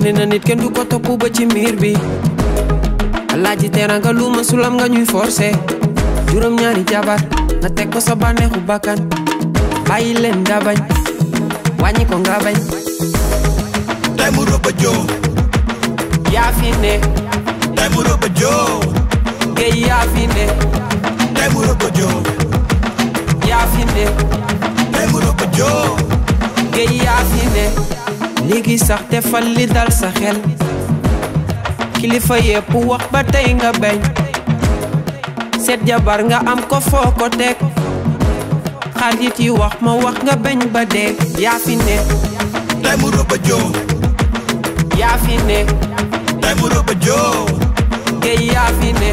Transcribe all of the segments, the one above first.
def nee na nit kenn du ko topp ba ci miir bi alaaji teranga lu ma sulam nga ñuy forcé juróom ñaari jabar nga teg ko sa bànneexu bakkan bàyyi leen nga bañ wàññi ko nga bañ tey mu rëbba joo yaa fi ne mu rëbba joo géej yaa fi ne mu rëbba joo yaa fi ne mu rëbba joo géej yaa fi ne Ligi sax defal li dal sa xel kilifa yépp wax ba tey nga bañ set jabar nga am ko foo ko teg xarit yi wax ma wax nga bañ ba dee ya fi ne tey mu rëbb jo yaa fi ne tey mu rëbb jo géy yaa fi ne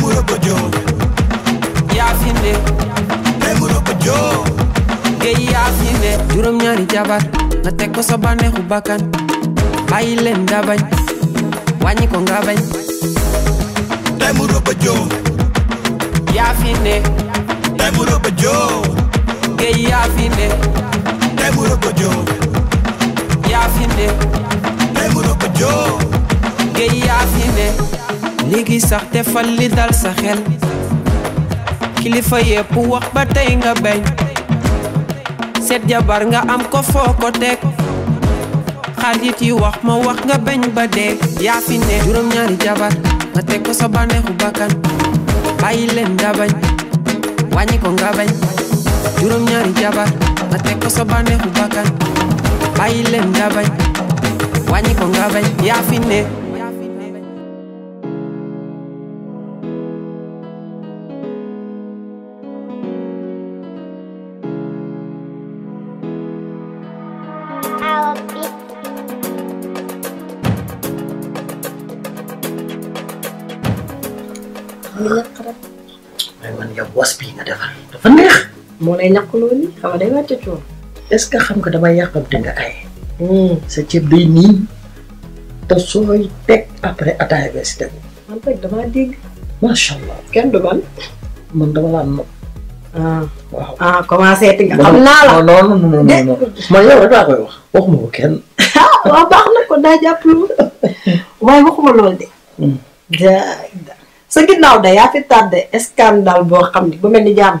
mu rëbb jo yaa fi ne mu rëbb jo géy yaa fi ne juróom ñaari jabar na teg ko sa bànneexu bàkkan bàyyi leen daa bañ wàññi ko nga bañ tey mu rëbb a yaa fi ne tey mu rëbb yaa fi ne tey mu rëbb yaa fi ne tey sax te fal li dal sa xel kilifa yépp wax ba tey nga bañ seet jabar nga am ko foo ko teg xarit yi wax ma wax nga bañ ba dee yaa fi ne juróom-ñaari jabar nga teg ko sa bànneexu bakkan bàyyi leen nga bañ wàññi ko nga bañ juróom-ñaari jabar nga teg ko sa bànneexu bakkan bàyyi leen nga bañ wàññi ko nga bañ yaa fi ne moo lay ñaqloo ni xam nga day wàcc coow est ce que xam nga dama yàqamte nga ay hmm. sa ci day nii te sooy teg après ataaya bee si tegu man teg damaa dégg macha allah kenn du man man dama laa nopp ah waaw ah commencé ti nga xam naa la non non non non man yow rek laa koy wax waxuma ko kenn ah, waaw baax na ko daa jàpp lu waaye waxuma loolu de da hmm. sa ginnaaw da yaa fi tardé scandale boo xam ne bu mel ni jàmm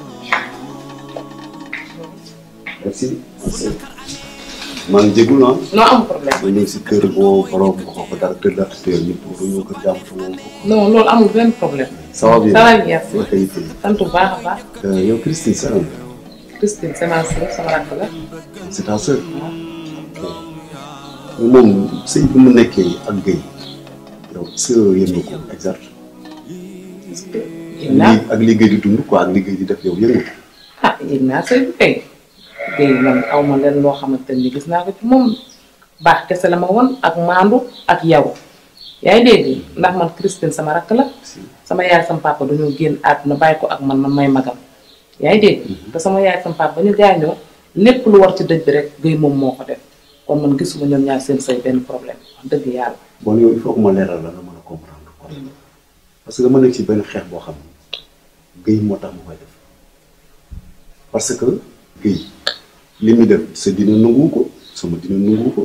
merci maa ngi jégul ah. non am problème. ma ñëw si kër boo borom ko ko dara kër dara kër ñëpp pour ñu ko jàmm ko non loolu amul benn problème. ça va bien ça va bien. naka yi tey. sant bu baax euh, Christine sa lan. Christine c'est ma sœur sama rakk la. c'est ta sœur. waaw. moom sëñ bi mu nekkee ak Guèye yow sœur yëngu ko exact. est ce que. di dund quoi ak liggéey di def yow yëngu. ah yëngu naa sëy bu te man aw ma leen loo xamante gis naa ko ci moom baax kese la ma woon ak maandu ak yaw yaa ngi ndax man Christine sama la sama yaay sama papa ko ak man man may magam yaa ngi mm-hmm. te sama yaay sama papa ba ñu gaañoo lu war ci dëj bi rek géy moom moo def kon man gisuma ñoom ñaar seen say benn problème wax dëgg yàlla bon yow il faut que ma leeral la nga comprendre mm-hmm. parce que ci xam koy def parce que li muy def sa dina nangu ko sama dina nangu ko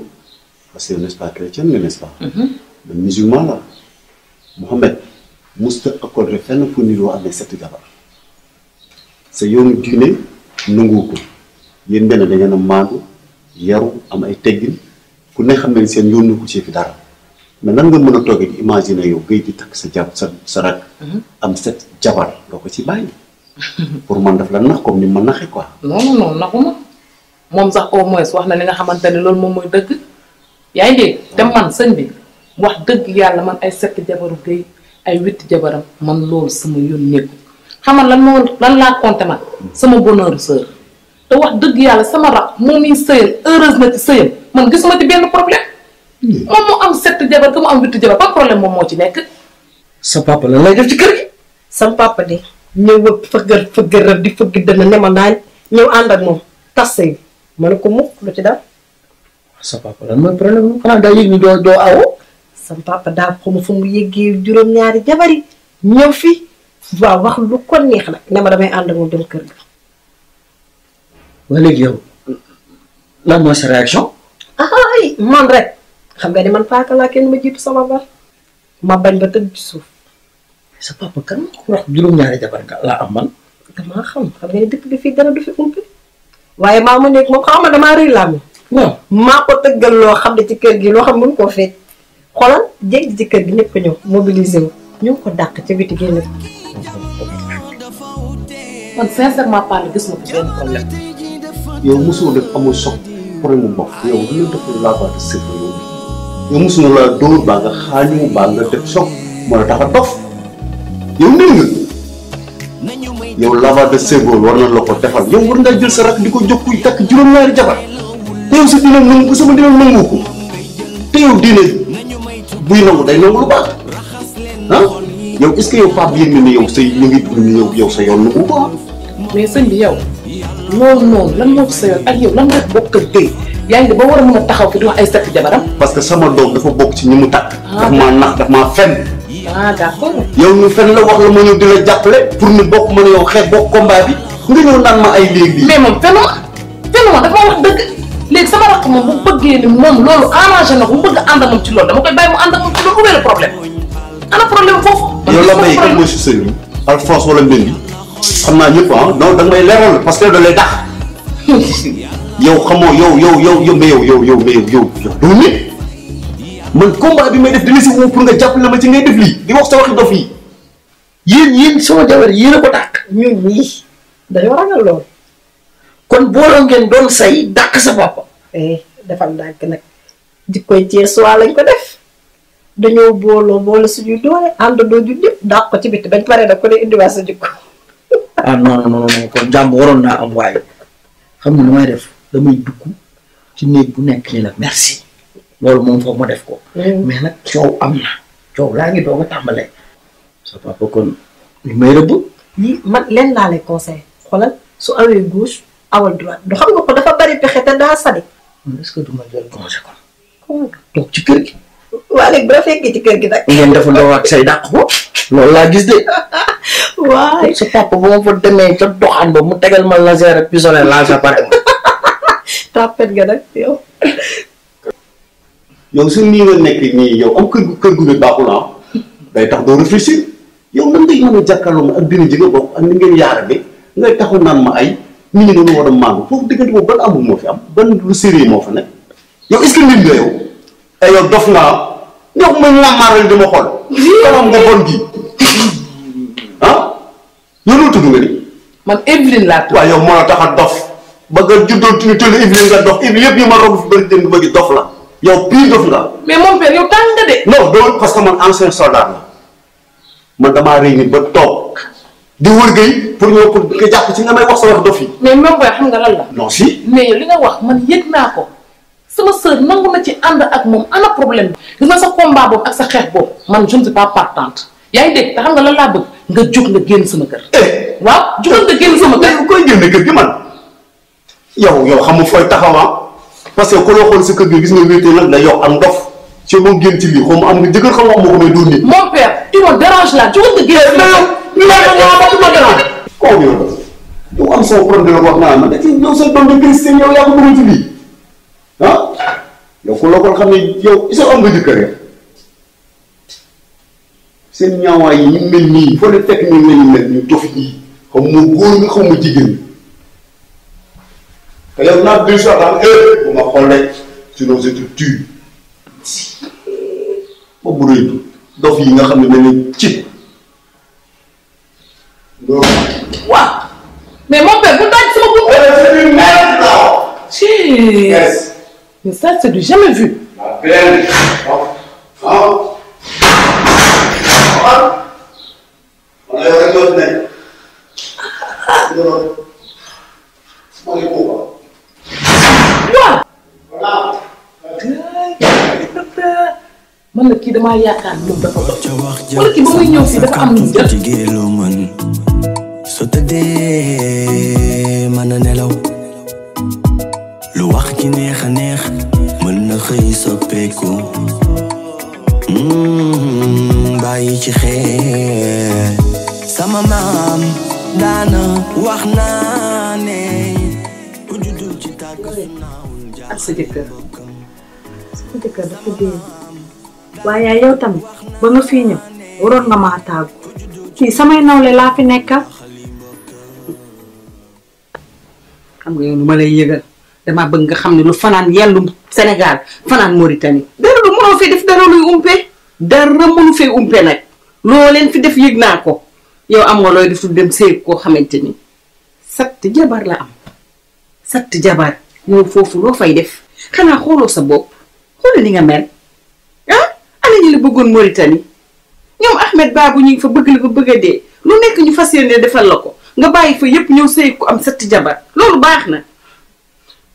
parce que n'est-ce pas chrétien nga n'est-ce mm-hmm. musulman la Mouhamed musta accordé fenn fu niroo amee sept jabar sa yoonu diine nangu ko yéen benn da a maandu yaru am ay teggin ku ne xam ne seen yoonu ku ci fi dara mais nan nga mën a toogee di imaginer yow ngay di takk sa jab sa sa mm-hmm. am sept jabar doo ko ci bàyyi. pour man daf la nax comme ni ma naxee quoi. non non naxuma. moom sax au moins wax na li nga xamante ne loolu moom mooy dëgg yaa ngi dégg te mm. man sëñ bi wax dëgg yàlla man ay sept jabaru géy ay huit jabaram man loolu sama yoon nekku xamal lan moo lan laa compté man sama bonheur sœur te wax dëgg yàlla sama rab moom muy sëyal heureuse na ci sëyal man gisuma ci benn problème mm. moom am sept jabar que mu am huit problème moom moo ci nekk sa papa na lay def ci kër gi sa papa de ñëw wëpp fëggal fëggal rab di fëgg dana ne ma naañ ñëw ànd ak moom tas sëy man ko mukk lu ci dal sa papa lan mooy problème mu xanaa daa yëg ni doo doo awo sam papa daa xuma fu mu yëggee juróom ñaari jabari ñëw fi waaw wax lu ko neex nag ne ma damay ànd ak moom dem kër ga waa yow lan mooy sa réaction ay man rek xam nga ni man paaka laa kenn ma jiitu sama bar ma bañ ba tëdd ci suuf sa papa kan wax juróom ñaari jabar nga laa am man damaa xam xam nga dëkk bi fii dara du fi umpi waaye maa ma nekk moom xaw ma damaa rëy laa maa ko tëggal loo xam ne ci kër gi loo xam ne mënu koo feet xoolal jéggi ci kër gi ñëpp ko ñëw mobilisé wu ñu ngi ko dàq ca biti génn ko. man yow mosoo laa ko baa nga xaañu baa nga def choc moo la tax dof yow nii nga. yow lavage de cerveau war nañ la ko defal yow war nga jël sa rak diko jokku tak juroom ñaari jabar te yow sa dina nangu sama dina nangu ko te yow dina buy nangu day nangu lu baax ha ah? yow est ce que yow pap yeen ni yow sey ñu ngi ni yow yow sa yoon nangu ko mais señ bi yow non non lan mo sa yoon ak yow lan nga bokk ak tey yaangi ba wara mëna taxaw fi di wax ay sat jabaram parce que sama doom dafa bok ci ñimu tak dafa ah. ma nax dafa ma fenn ah d'accord. yow ñu fenn la wax la ma ñëw di la jàppale pour ñu bokk ma ne yow xeex bokk combat bi nga ñëw naan ma ay léegi. mais moom fenn ma fenn ma dafa wax dëgg léegi sama rakk moom bu bëggee ni moom loolu arrangé na ko bu moom ci loolu dama koy bàyyi mu ànd ak moom ci loolu oubien le problème ana problème foofu. yow la may kan mooy si sëñ bi Alphonse wala Mbengue xam naa ñëpp ah non da nga may leeral parce que da lay dàq. yow xamoo yow yow yow yow mais yow yow yow mais yow yow doo nit. man combat bi may def dama si woo pour nga jàppale ma ci ngay def lii di wax sa waxi dof yi yéen yéen sama jabar yéen a ko dañoo ragal lool. kon booloo ngeen doon say dàq sa papa. eh defal ndànk nag jikkoy Cees waa lañ ko def dañoo booloo boole suñuy doole àndandoo ju ñëpp dàq ko ci bitti bañ pare nag ku ne indiwaat sa jikko. ah non non non kon naa am waaye xam nga lu may def damay dugg ci néeg bu nekk ni la merci. loolu mom foog ma def ko. mais nak ciow amna ciow la ngi doog a tàmbalee. sa papa kon ni may rebb ni man len la lay conseil xolal su awé gauche awal droite do xam nga ko dafa bari pexé te da sadi. est-ce que du ma jël congé kon. toog ci kër gi. walé bra fék ci kër gi nag. ngeen dafa do wat say dak ko loolu la gis dé waay sa papa bo fa démé ci doxan ba mu tégal ma laser ak pistolet la sa pare. tapet nga nak yow. yow su nii nga nekk nii yow am kër kër gu bi baaxul ah day tax doo réfléchir yow nan ngay mën a jàkkaarloo ak dina ji nga bokk ak ni ngeen yaara bi ngay taxu naan ma ay nit ñi doon war a màngu foofu diggante boobu ma amul moo fi am ban lu sérieux moo fa nekk yow est-ce que nit nga yow eh, nga am ah. xool damam nga bon gi ah yow loolu tudd nga ni man Evelyne laa tudd waaw yow moo la tax a dof ba nga juddoo tudd Evelyne nga dof Evelyne yëpp ñu ma roog fi bëri dén dof la yow pire dof nga. mais moom père yow tàng nga de. non doon parce que man ancien soldat la man damaa rëy nit ba toog di wërgëy pour ñëw pour nga jàpp ci nga may wax sa wax dof yi. mais booy xam nga lan la. non si. li nga wax man yëg naa ko sama sœur nangu na ci ànd ak moom ana problème nga sa combat boobu ak sa xeex man je ne suis pas partante. yaa ngi dégg te xam nga laa bëgg nga jóg nga génn sama kër. Eh. waaw jógal nga génn sama kër. Eh, koy génn kër gi man yow yow xam nga fooy taxawaa. Ah? parce que ku loo xool sa gis nga wéetee nag da yow am ndof ci moom génn ci lii am nga jëkkër xaw ma ko may dund. mon père tu me déranges là tu am sama problème de Christine yow yaa ah? xam nga jëkkër ya seen ñaawaay yi mel nii foo leen fekk ñu mel nii nag ñu dof ñii xaw góor nga xaw ma jigéen te yow naa deux heures ma collègue sur nos études Mon bruit, mais mon père c'est une eh, merde là. mais ça c'est du jamais vu. Hein? Hein? Hein? man la kii damaa yaakaar moom dafa doon wala kii ba muy ñëw fii dafa am lu jël. su tëddee mën na nelaw lu wax ci neex a neex mën na xëy soppeeku hmm, bàyyi ci xel sama maam daana wax naa ne ku judd ci tàgg. ak sa jëkkër sa jëkkër dafa dee. waaye yow tamit ba nga fii ñëw waroon nga maa tàggu samay nawle laa fi nekkal. xam nga yow lu ma lay yëgal damaa bëgg nga xam ne lu fanaan yellu Sénégal fanaan Mauritanie. dara lu mënoo fi def dara luy umpe. dara mënu fee umpe nag. loo fi def yëg naa ko. yow am nga looy def lu dem séy koo xamante ni satti jabar la am satti jabar yow foofu loo fay def xanaa xooloo sa bopp xoolal li nga mel. bari bëggoon Mauritanie ñoom Ahmed Babou ñu ngi fa bëgg la bëgg a dee ñu fas yéene defal la ko nga bàyyi fa yépp ñëw sëy ku am setti jabar loolu baax na.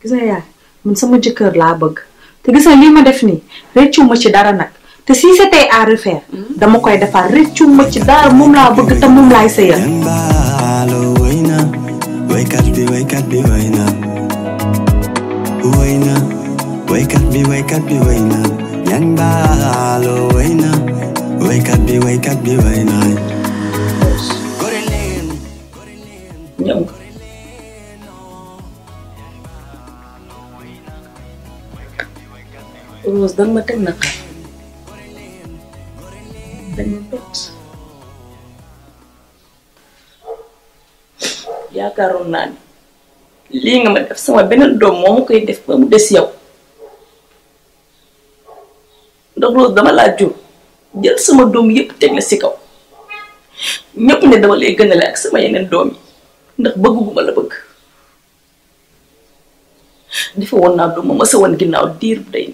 gis nga yaay sama jëkkër laa bëgg te gis nga lii ma def nii réccu ma ci dara nag te si c'était à refaire dama koy defar réccu ma ci dara moom laa bëgg te moom laay sëyal. waykat bi waykat bi way na way na bi waykat bi way yang balo wena wake up be wake up be wena ya. Yep. Terus dan matin na ka. Dan matin. yaakaaroon naa ne lii nga ma def sama beneen doom moo ma koy def ba mu des yow ndax Rose dama laa jur jël sama doom yëpp teg la si kaw ñëpp ne dama lay gënale ak sama yeneen doom yi ndax bëgg bëgg dafa woon diir bu day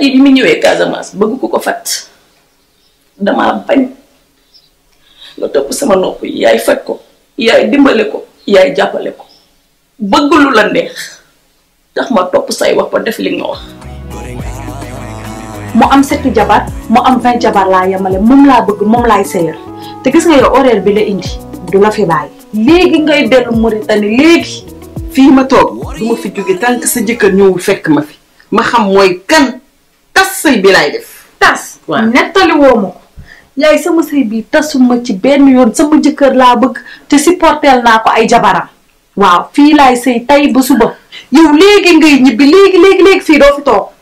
bi mu ñëwee Casamance bëgg ku fat damaa bañ sama nopp yaay ko yaay ko yaay jàppale ko bëgg la neex tax ma top say wax ba def li nga wax mo am sept jabar mo am vingt jabar la yamale mom la bëgg mom lay seyer te gis nga yow horaire bi la indi du la fi bay legi ngay delu mauritani legi fi ma toog du ma fi jóge tank sa jëkkër ñëwul fekk ma fi ma xam moy kan tas sëy bi lay def tas netali woo ma ko yaay sama sëy bi tasuma ci ben yoon sama jëkkër la bëgg te supporteel naa ko ay jabaram waaw fi lay sëy tay ba suba yow léegi ngay ñibbi léegi léegi léegi fi do fi toog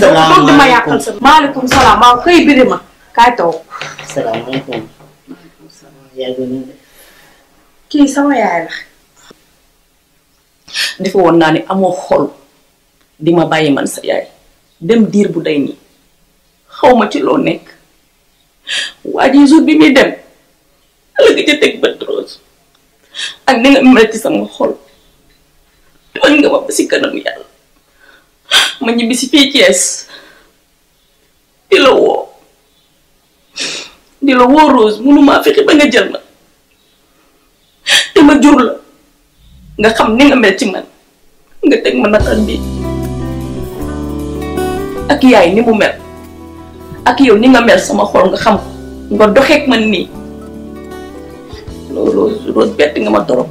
toog dama yàqal sa maaleykum salam. waaw kay biri ma sama yaay la defe woon naa ne amoo xol di ma man sa yaay dem dir bu day nii xaw ci loo nekk waa jour bi dem la rose ak ni nga mel ci sama xol doon nga ma ba si kanam si fii Thiès di la di la woo Rose mënumaa fexe ba nga jël ma te ma nga xam ni nga mel man ya nga ni mel sama korong nga kamu ko nga meni, man nii loolu Rose motor. nga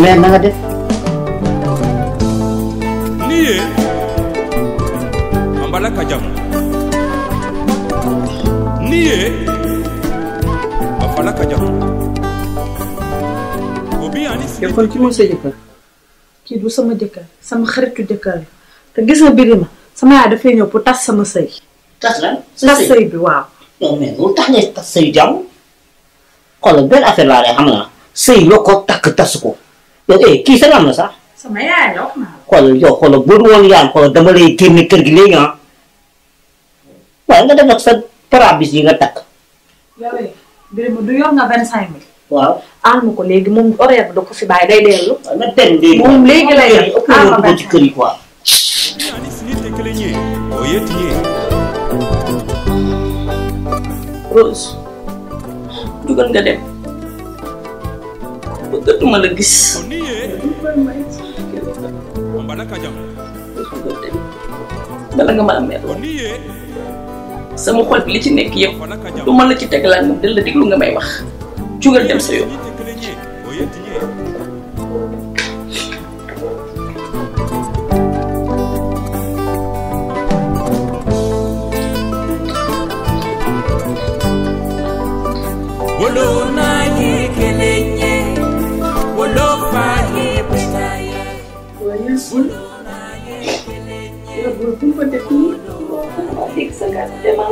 mais na nga def ni ye an bala ka jam ni ye a fala Je suis un peu plus sama jëkkër sama xaritu jëkkër te gis sama yaay dafay ñëw sama sëy tas lan tas sëy bi waaw non mais lu tax ngay tas sëy Je suis un peu plus yow kii sa sax. sama yaay la wax naa. xoolal yow xoolal bu dul woon yaam dama lay génne kër gi léegi ah nga def ak sa parabis yi nga takk. yow eh Birima du yor nga vingt cinq mille. waaw ànd ko léegi moom horaire bi da ko fi bàyyi day dellu. waaw na dem léegi moom léegi lay def ànd ko ci kër yi quoi. Rose dugal nga dem. bëggatuma la gis. bala nga ma amee sama xol bi li ci nekk yëpp lu ma la ci tegalaan moom dal déglu nga may wax jugal dem sa yoon. 对吗？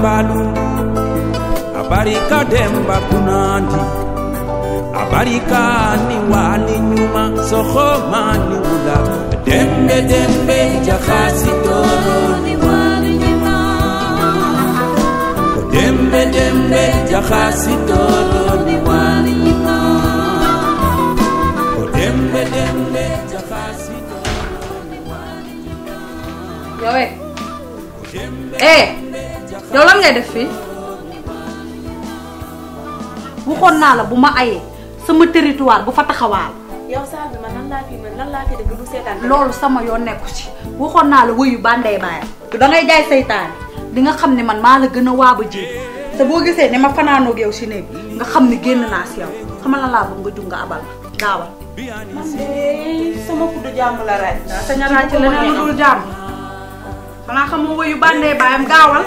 mbadu abarika demba kunandi abarika ni wali nyuma soho mani wula dembe dembe jakhasi toro ni wali nyuma dembe dembe jakhasi toro toro ni eh yow ngay def fi waxoon naa la bu ma ayee sama territoire bu fa taxawal yow bi man lan laa fi man lan laa fi deug du seetaan. loolu sama yo nekku ci waxoon naa la wuyu bànday baayam. da ngay jay seytaane di nga xamni man ma la gëna waabu ji te bo gisé ni ma fanano yow ci neeg nga xamni ne na ci yow xam la la bu nga jung nga abal ma sama la raaj. sa ñaraaj ci leneen lu dul xana xam mo wuyu bànday bayam gawal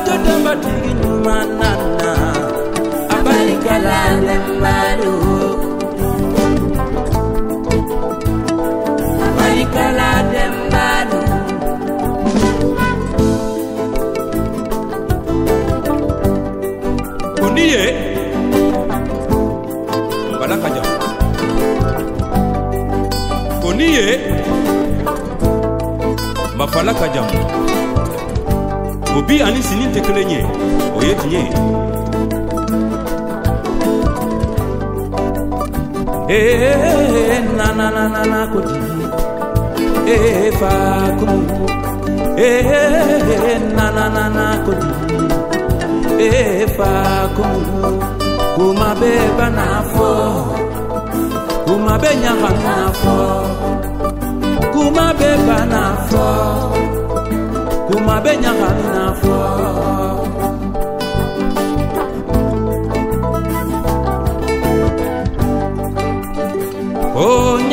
Ajoda matigi nyumanana Abali kalale malu Abali kalale malu Kundiye Balakaja Kundiye Mafalaka jamu obi ani sini tɛ kelen ye o ye tiɲɛ ye eh, eh, eh, na ko di ee na ee nananana ko di ee fakuru kuma bɛɛ na fɔ kuma bɛɛ ɲaga na fɔ kuma bɛɛ na fɔ uma benya hamina fo Oh